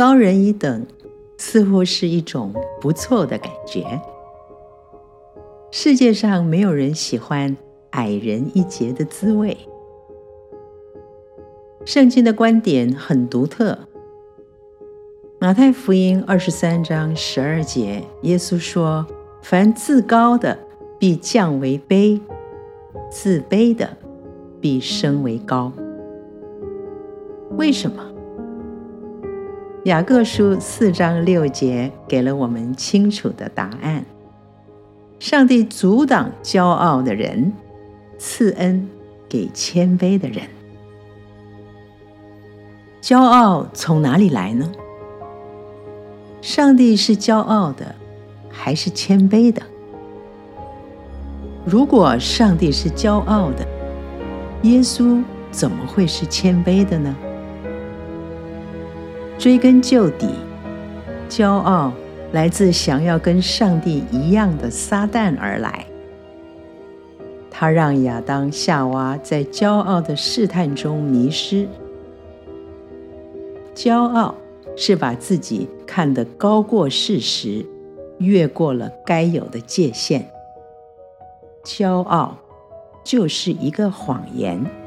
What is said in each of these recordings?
高人一等，似乎是一種不錯的感覺。世界上沒有人喜歡矮人一截的滋味。聖經的觀點很獨特。馬太福音二十三章十二節，耶穌說：“凡自高的，必降為卑；自卑的，必升為高。”為什麼？雅各書四章六節給了我們清楚的答案：上帝阻擋驕傲的人，賜恩給謙卑的人。驕傲從哪裡來呢？上帝是驕傲的，還是謙卑的？如果上帝是驕傲的，耶穌怎麼會是謙卑的呢？追根究底，驕傲來自想要跟上帝一樣的撒旦而來。他讓亞當夏娃在驕傲的試探中迷失。驕傲是把自己看得高過事實，越過了該有的界限。驕傲就是一個謊言。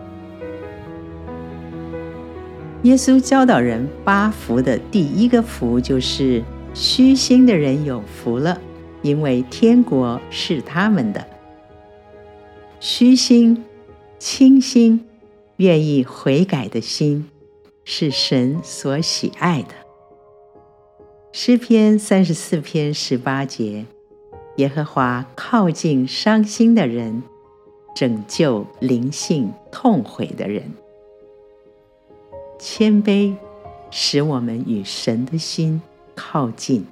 耶穌教導人八福的第一個福就是虛心的人有福了，因為天國是他們的。虛心、清心、願意悔改的心，是神所喜愛的。詩篇三十四篇十八節，耶和華靠近傷心的人，拯救靈性痛悔的人。謙卑使我們與神的心靠近。